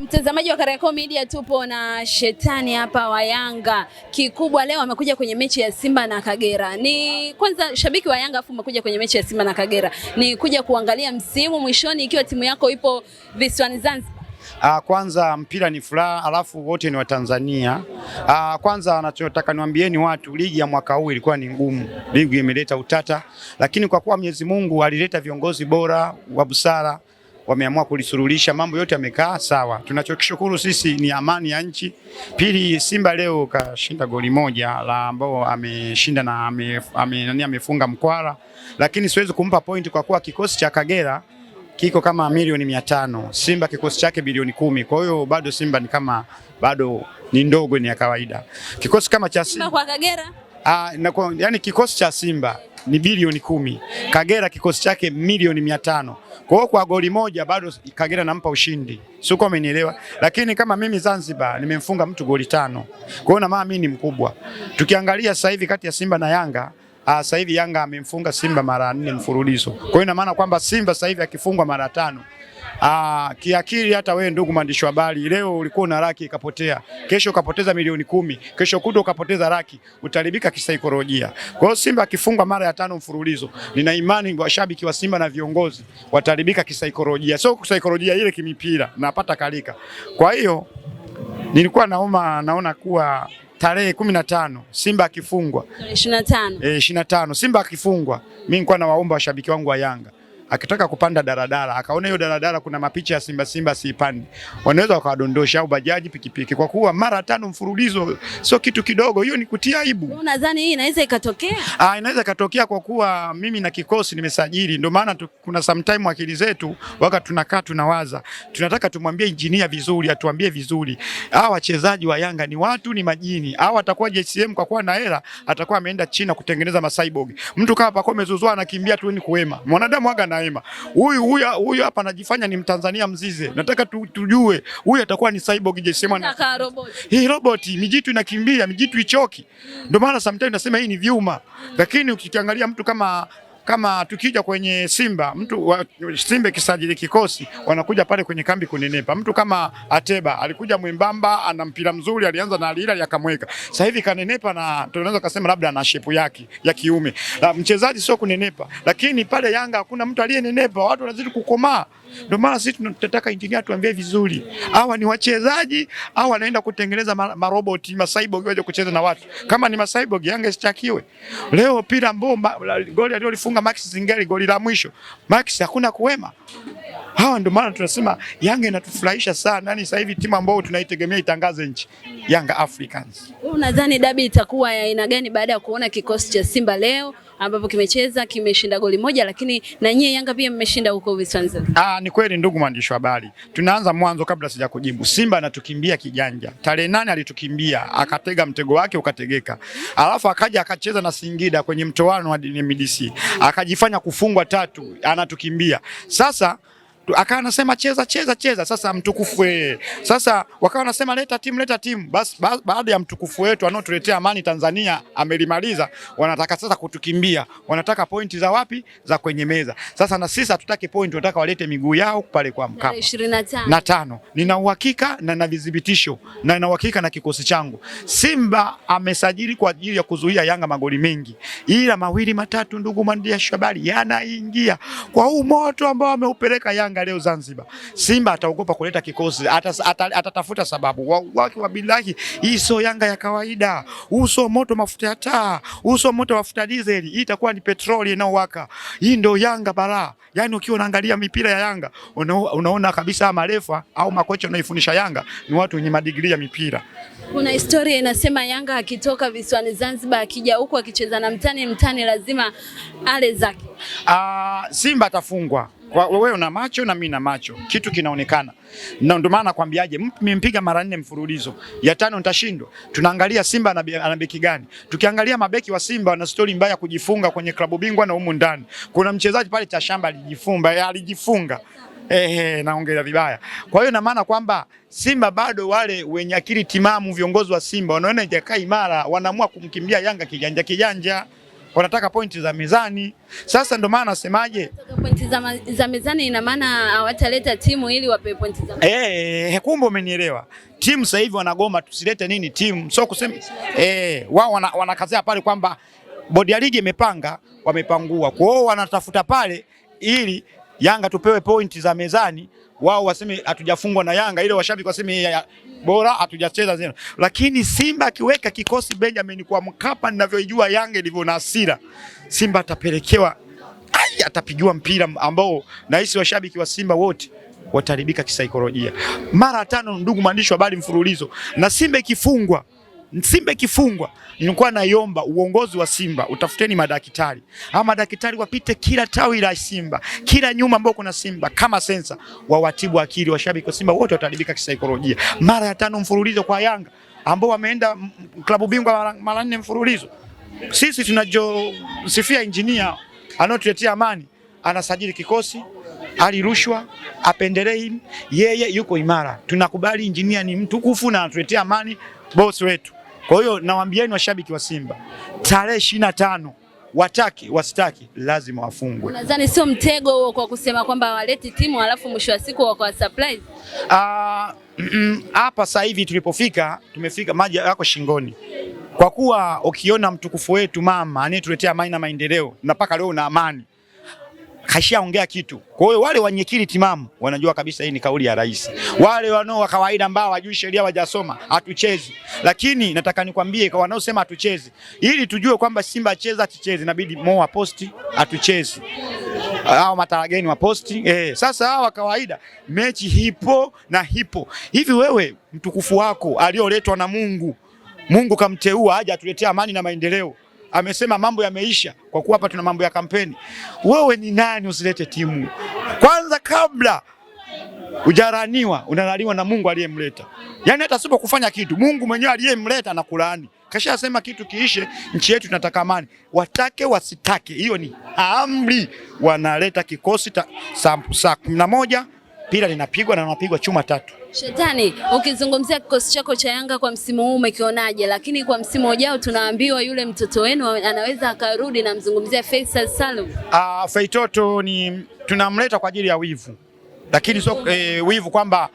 Mtazamaji wa Kariakoo Media, tupo na Shetani hapa wa Yanga. Kikubwa leo amekuja kwenye mechi ya Simba na Kagera. Ni kwanza shabiki wa Yanga afu umekuja kwenye mechi ya Simba na Kagera, ni kuja kuangalia msimu mwishoni ikiwa timu yako ipo visiwani Zanzibar. Uh, kwanza mpira ni furaha, alafu wote ni Watanzania. Uh, ah, kwanza anachotaka niwaambieni watu, ligi ya mwaka huu ilikuwa ni ngumu, ligi imeleta utata, lakini kwa kuwa Mwenyezi Mungu alileta viongozi bora wa busara wameamua kulisuluhisha, mambo yote yamekaa sawa. Tunachoshukuru sisi ni amani ya nchi. Pili, Simba leo kashinda goli moja la ambao ameshinda na ame, ame, nani amefunga mkwara, lakini siwezi kumpa point kwa kuwa kikosi cha Kagera kiko kama milioni mia tano Simba kikosi chake bilioni kumi Kwa hiyo bado Simba ni kama bado ni ndogo, ni ya kawaida kikosi kama cha Simba kwa Kagera. Ah, na kwa, yani kikosi cha Simba ni bilioni kumi, Kagera kikosi chake milioni mia tano. Kwa hiyo kwa goli moja bado Kagera nampa ushindi, siko amenielewa. Lakini kama mimi Zanzibar nimemfunga mtu goli tano, kwa hiyo na maana mimi ni mkubwa. Tukiangalia sasa hivi kati ya Simba na Yanga ah, sasa hivi Yanga amemfunga Simba mara nne mfululizo, kwa hiyo ina maana kwamba Simba sasa hivi akifungwa mara tano Ah, kiakili hata wewe ndugu mwandishi wa habari, leo ulikuwa na laki ikapotea, kesho ukapoteza milioni kumi, kesho kuto ukapoteza laki, utaribika kisaikolojia. Kwa hiyo Simba akifungwa mara ya tano mfululizo, nina imani washabiki wa Simba na viongozi wataribika kisaikolojia, sio kisaikolojia ile kimipira, napata kalika. Kwa hiyo nilikuwa naoma, naona kuwa tarehe kumi na tano Simba akifungwa eh, ishirini na tano Simba akifungwa, mimi nilikuwa nawaomba washabiki wangu wa Yanga akitaka kupanda daladala akaona hiyo daladala kuna mapicha ya Simba Simba siipandi, wanaweza wakawadondosha, au bajaji, pikipiki, kwa kuwa mara tano mfululizo sio kitu kidogo, hiyo ni kutia aibu. Unadhani hii inaweza ikatokea? Ah, inaweza ikatokea kwa kuwa mimi na kikosi nimesajili, ndio maana kuna sometime akili zetu waka tunakaa tunawaza, tunataka tumwambie injinia vizuri, atuambie vizuri, hawa wachezaji wa Yanga ni watu, ni majini, hawa atakuwa JCM kwa kuwa na hela atakuwa ameenda China kutengeneza masaibogi? mtu kama Pacome Zouzoua anakimbia tu ni kuema mwanadamu waga na Naima. Huyu huyu huyu hapa anajifanya ni Mtanzania mzize. Nataka tu, tujue huyu atakuwa ni cyborg sema Nataka robot. Hii robot mijitu inakimbia, mijitu ichoki. Ndio maana sometimes nasema hii ni vyuma. Lakini ukikiangalia mtu kama kama tukija kwenye Simba mtu wa, Simba kisajili kikosi wanakuja pale kwenye kambi kunenepa. Mtu kama Ateba alikuja mwembamba, ana mpira mzuri, alianza na Alira akamweka, sasa hivi kanenepa, na tunaweza kusema labda ana shepu yake ya kiume. La, mchezaji sio kunenepa, lakini pale Yanga hakuna mtu aliyenenepa, watu wanazidi kukomaa. Ndio maana sisi tunataka injinia tuambie vizuri, hawa ni wachezaji au wanaenda kutengeneza maroboti masaibogi waje kucheza na watu kama ni masaibogi Yanga isitakiwe leo pira mbomba goli aliyolifunga kumfunga Max Zingeli goli la mwisho. Max hakuna kuwema. Hawa ndio maana tunasema Yanga inatufurahisha sana. Yani sasa hivi timu ambayo tunaitegemea itangaze nchi, Yanga Africans. Wewe unadhani dabi itakuwa ya aina gani baada ya kuona kikosi cha Simba leo? ambapo kimecheza kimeshinda goli moja, lakini na nyie Yanga pia mmeshinda huko Visanzio. Ah, ni kweli ndugu mwandishi wa habari, tunaanza mwanzo kabla sija kujibu. Simba anatukimbia kijanja, tarehe nane alitukimbia akatega mtego wake ukategeka, alafu akaja akacheza na Singida kwenye mtoano wa DMDC akajifanya kufungwa tatu, anatukimbia sasa akawa anasema cheza cheza cheza. Sasa mtukufu wewe, sasa wakawa wanasema leta timu leta timu. Basi baada ya mtukufu wetu anaotuletea amani Tanzania amelimaliza, wanataka sasa kutukimbia, wanataka pointi za wapi? Za kwenye meza. Sasa na sisi hatutaki pointi, wanataka walete miguu yao pale kwa Mkapa na tano. Nina uhakika na na vidhibitisho na nina uhakika na kikosi changu. Simba amesajili kwa ajili ya kuzuia Yanga magoli mengi, ila mawili matatu, ndugu mwandishi habari, yanaingia kwa huu moto ambao ameupeleka Yanga Yanga leo Zanzibar, Simba ataogopa kuleta kikosi, atatafuta sababu. Wake wa bilahi, hii sio Yanga ya kawaida, Uso moto mafuta ya taa, uso moto mafuta diesel, hii itakuwa ni petroli inayowaka. Hii ndio Yanga bala. Yani ukiwa unaangalia mipira ya Yanga una, unaona kabisa marefa au makocha wanaifundisha Yanga ni watu wenye madigri ya mipira. Kuna historia inasema Yanga akitoka visiwani Zanzibar, akija huku akicheza na mtani, mtani lazima ale zake. Ah, Simba atafungwa wewe una macho na mimi na macho, kitu kinaonekana. Na ndio maana nakwambiaje, mmempiga mara nne mfululizo, ya tano nitashindwa. Tunaangalia Simba ana beki gani? Tukiangalia mabeki wa Simba wana stori mbaya kujifunga kwenye klabu bingwa na humu ndani. Kuna mchezaji pale cha shamba alijifumba, eh, alijifunga Ehe, naongelea vibaya. Kwa hiyo na maana kwamba Simba bado wale wenye akili timamu, viongozi wa Simba wanaona ijakaa imara, wanaamua kumkimbia Yanga kijanja kijanja wanataka pointi za mezani. Sasa ndo maana nasemaje, pointi za, za mezani ina maana hawataleta timu ili wape pointi za mezani. Eh, eh, kumbe umenielewa. Timu sasa hivi wanagoma tusilete nini timu, sio kusema eh, wao wana pale kwamba bodi ya ligi imepanga, wamepangua. Kwa hiyo wanatafuta pale ili Yanga tupewe pointi za mezani wao waseme hatujafungwa na Yanga, ile washabiki waseme ya bora hatujacheza zina. Lakini Simba akiweka kikosi Benjamin kwa Mkapa, ninavyojua Yanga ilivyo na hasira, Simba atapelekewa ai, atapigiwa mpira ambao nahisi washabiki wa Simba wote wataribika kisaikolojia mara tano, ndugu mwandishi wa habari mfululizo, na Simba ikifungwa Simba ikifungwa, nilikuwa naiomba uongozi wa Simba utafuteni madaktari, ama madaktari wapite kila tawi la Simba, kila nyumba ambayo kuna Simba kama sensa, wawatibu akili washabiki wa Simba wote wataharibika kisaikolojia. Mara ya tano mfululizo kwa Yanga ambao wameenda klabu bingwa mara nne mfululizo. Sisi tunajosifia injinia anaotuletea amani, anasajili kikosi alirushwa rushwa apendelei, yeye yuko imara. Tunakubali injinia ni mtukufu na anatuletea amani, bosi wetu. Kwa hiyo nawaambieni washabiki wa Simba tarehe ishirini na tano watake wasitaki lazima wafungwe. Nadhani sio mtego huo kwa kusema kwamba waleti timu alafu mwisho wa siku wako surprise. Ah, hapa sasa hivi tulipofika tumefika maji yako shingoni. Kwa kuwa ukiona mtukufu wetu mama anayetuletea amani na maendeleo na mpaka leo una amani kashaongea kitu. Kwa hiyo wale wanyekili timamu wanajua kabisa hii ni kauli ya rais. Wale wanao wa kawaida ambao hawajui sheria, wajasoma, hatuchezi. Lakini nataka nikwambie kwa wanaosema hatuchezi, ili tujue kwamba Simba cheza atichezi, inabidi mo wa posti atuchezi hao matarageni wa posti eh. Sasa hawa kawaida mechi hipo na hipo hivi, wewe mtukufu wako alioletwa na Mungu, Mungu kamteua aje atuletee amani na maendeleo amesema mambo yameisha, kwa kuwa hapa tuna mambo ya kampeni. Wewe ni nani usilete timu kwanza? Kabla ujaraniwa unalaliwa na Mungu aliyemleta. Yaani hata sipo kufanya kitu, Mungu mwenyewe aliyemleta kulaani kisha asema kitu kiishe, nchi yetu tunataka amani, watake wasitake, hiyo ni amri. Wanaleta kikosi saa kumi na moja, pila linapigwa na wanapigwa chuma tatu. Shetani, ukizungumzia kikosi chako cha Yanga kwa msimu huu umekionaje? Lakini kwa msimu ujao tunaambiwa yule mtoto wenu anaweza akarudi, namzungumzia Faisal Salum. Ah, Faitoto ni tunamleta kwa ajili ya wivu, lakini so, eh, wivu kwamba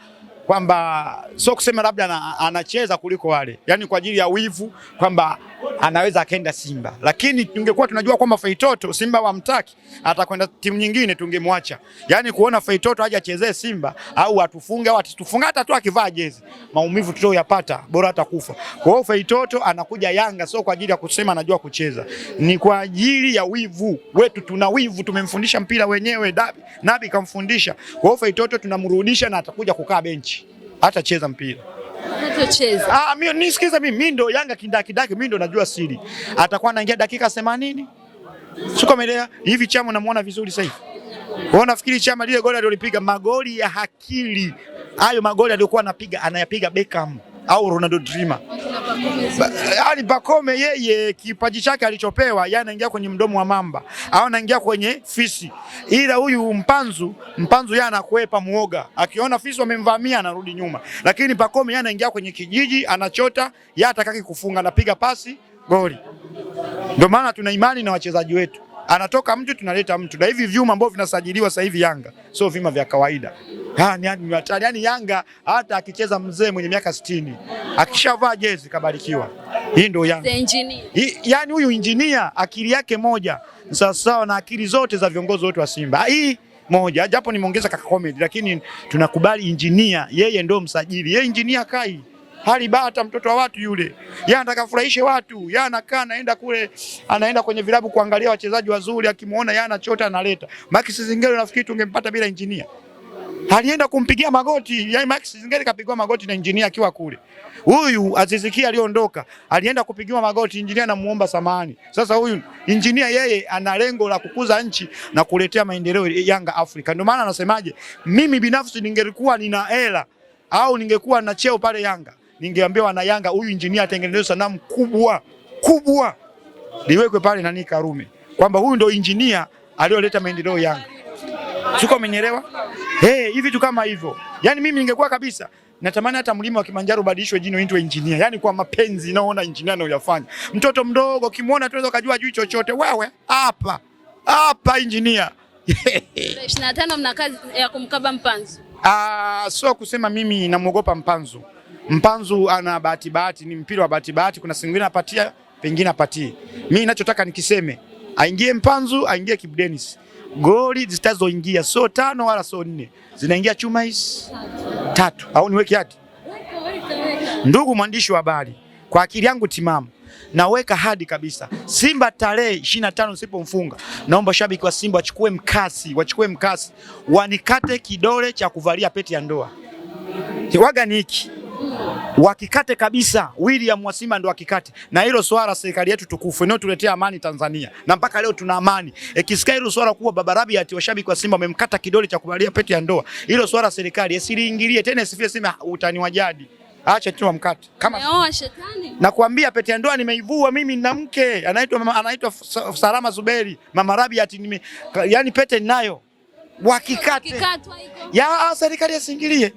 kwamba sio kusema labda anacheza kuliko wale, yaani kwa ajili ya wivu kwamba anaweza akaenda Simba, lakini tungekuwa tunajua kwamba Faitoto Simba wamtaki, atakwenda timu nyingine, tungemwacha. Yaani kuona Faitoto aje achezee Simba au atufunge au atitufunga, hata tu akivaa jezi, maumivu tutoyapata, bora atakufa. Kwa hiyo Faitoto anakuja Yanga sio kwa ajili ya kusema anajua kucheza, ni kwa ajili ya wivu wetu. Tuna wivu, tumemfundisha mpira wenyewe, Dabi Nabi kamfundisha. Kwa hiyo Faitoto tunamrudisha na atakuja kukaa benchi, hatacheza mpira. Ah, mimi nisikiza mimi mimi ndo Yanga kindakindaki daki mimi ndo najua siri. Atakuwa anaingia dakika 80. Siko Hivi Chama namuona vizuri sasa hivi. Wewe unafikiri Chama lile goli alilolipiga magoli ya hakili. Hayo magoli aliyokuwa anapiga anayapiga Beckham au Ronaldo Dreamer. Ali Bakome yeye kipaji chake alichopewa, yeye anaingia kwenye mdomo wa mamba au anaingia kwenye fisi, ila huyu mpanzu mpanzu yeye anakwepa muoga, akiona fisi wamemvamia anarudi nyuma, lakini Bakome yeye anaingia kwenye kijiji anachota, yeye atakaki kufunga, anapiga pasi goli. Ndio maana tuna imani na wachezaji wetu anatoka mtu tunaleta mtu, na hivi vyuma ambavyo vinasajiliwa sasa hivi Yanga sio vyuma vya kawaida. Ah, yani yani Yanga hata akicheza mzee mwenye miaka 60 akishavaa jezi kabarikiwa. Hii ndio Yanga, yani huyu injinia akili yake moja sawasawa na akili zote za viongozi wote wa Simba hii moja, japo nimeongeza kaka comedy, lakini tunakubali injinia, yeye ndio msajili, yeye injinia Kai hali bata, mtoto wa watu yule, yeye anataka afurahishe watu. Yeye anakaa anaenda kule, anaenda kwenye vilabu kuangalia wachezaji wazuri, akimuona yeye anachota analeta. Max Zingeli nafikiri tungempata bila injinia alienda kumpigia magoti yani, Max Zingeli kapigwa magoti na injinia akiwa kule. Huyu Aziziki aliondoka alienda kupigiwa magoti, injinia namuomba samahani. Sasa huyu injinia yeye ana lengo la kukuza nchi na kuletea maendeleo Yanga Afrika. Ndio maana anasemaje, mimi binafsi ningelikuwa nina hela au ningekuwa na cheo pale Yanga ningeambia wana Yanga, huyu injinia atengeneze sanamu kubwa kubwa liwekwe pale nani Karume, kwamba huyu ndio injinia aliyoleta maendeleo Yanga. Siko amenielewa? Hey, hivi tu kama hivyo. Yani mimi ningekuwa kabisa natamani hata mlima wa Kilimanjaro ubadilishwe jina uitwe injinia. Yaani kwa mapenzi naona injinia anayofanya. Mtoto mdogo kimuona, tunaweza kujua juu chochote. Wewe hapa. Hapa injinia. 25 mna kazi ya kumkaba mpanzu. Ah, sio kusema mimi namuogopa mpanzu. Mpanzu ana bahati bahati, ni mpira wa bahati bahati, kuna singine apatia pengine apatie. Mimi ninachotaka nikiseme aingie Mpanzu, aingie Kibu Denis. Goli zitazoingia sio tano wala sio nne, zinaingia chuma hizi tatu, au niweke hadi. Ndugu mwandishi wa habari, kwa akili yangu timamu naweka hadi kabisa, Simba tarehe 25 usipomfunga, naomba shabiki wa Simba wachukue mkasi, wachukue mkasi, wanikate kidole cha kuvalia pete ya ndoa. Kiwaga ni hiki wakikate kabisa, William Wasima ndo wakikate, na hilo swala serikali yetu tukufu ndio tuletea amani Tanzania, na mpaka leo tuna amani. Ikisikia hilo swala kuwa Baba Rabi ati washabiki wa Simba wamemkata kidole cha kubalia pete ya ndoa, hilo swala serikali isiliingilie tena, isifie sema utani wa jadi. Acha tu amkate kama Meoa, shetani. Nakwambia pete ya ndoa nimeivua mimi, nina mke anaitwa anaitwa Salama Zuberi, Mama Rabi ati nime, yani pete ninayo, wakikate ya serikali isingilie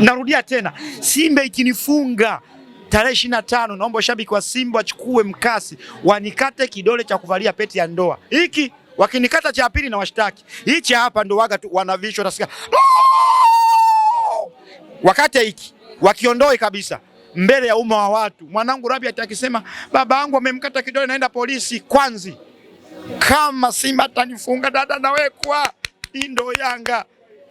Narudia tena, Simba ikinifunga tarehe ishirini na tano, naomba washabiki wa Simba wachukue mkasi wanikate kidole cha kuvalia pete ya ndoa. Hiki wakinikata cha pili na washtaki, hii cha hapa ndo waga tu wanavishwa, nasikia wakate hiki wakiondoe kabisa mbele ya umma wa watu. Mwanangu Rabi atakisema baba yangu amemkata kidole, naenda polisi kwanzi. Kama Simba atanifunga dada, nawekwa hii ndo Yanga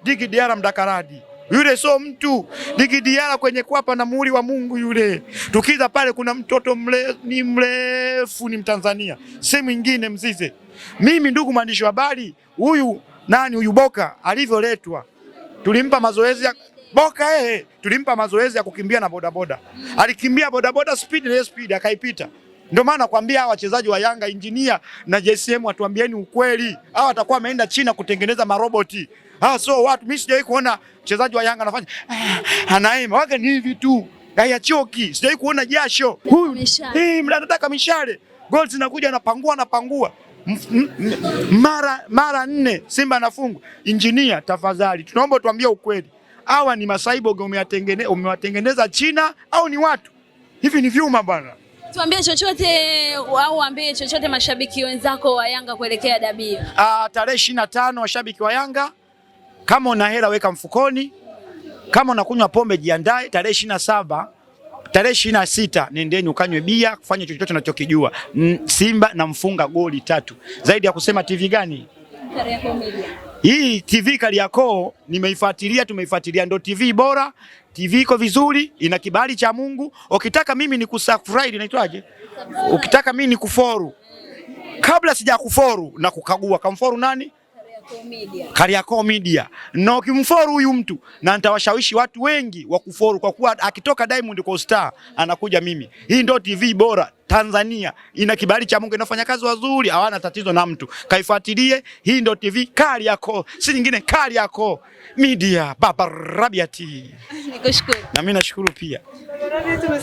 diara mdakaradi yule sio mtu, ni kwenye kwapa na muhuri wa Mungu yule. Tukiza pale kuna mtoto mle, ni mrefu ni Mtanzania, si ingine Mzize. Mimi ndugu mwandishi wa habari, huyu nani huyu Boka alivyoletwa, tulimpa mazoezi ya Boka eh, eh tulimpa mazoezi ya kukimbia na bodaboda. Alikimbia bodaboda speed na speed akaipita. Ndio maana nakwambia hawa wachezaji wa Yanga, Injinia na JCM, watuambieni ukweli, hawa watakuwa wameenda China kutengeneza maroboti ah, so what? mimi sijawahi kuona mchezaji wa Yanga anafanya ah, anaema waga ni hivi tu Gaya choki, sijawahi kuona jasho. Huyu Eh, mnataka mishale, goli zinakuja anapangua anapangua mara mara nne Simba anafungwa. Injinia, tafadhali tunaomba tuambie ukweli, hawa ni masaibo umewatengeneza, umewatengeneza China au ni watu hivi? Ni vyuma bwana, tuambie chochote au waambie chochote mashabiki wenzako wa Yanga kuelekea dabi. Ah, tarehe 25 washabiki wa Yanga kama una hela weka mfukoni, kama unakunywa pombe jiandae. Tarehe ishirini na saba tarehe ishirini na sita nendeni ukanywe bia, kufanya chochote unachokijua. Simba namfunga goli tatu zaidi ya kusema. TV gani hii? TV Kariakoo nimeifuatilia, tumeifuatilia, ndo TV bora, TV iko vizuri, ina kibali cha Mungu. Ukitaka mimi ni kusubscribe, inaitwaje? Ukitaka mimi ni kuforu, kabla sija kuforu na kukagua, kamforu nani Kariakoo Media na ukimforu huyu mtu na nitawashawishi watu wengi wa kuforu kwa kuwa akitoka Diamond kwa star anakuja mimi. Hii ndio TV bora Tanzania, ina kibali cha Mungu, inafanya kazi wazuri, hawana tatizo na mtu. Kaifuatilie, hii ndio TV Kariakoo, si nyingine. Kariakoo Media, Baba Rabiati. Nikushukuru. Na mimi nashukuru pia.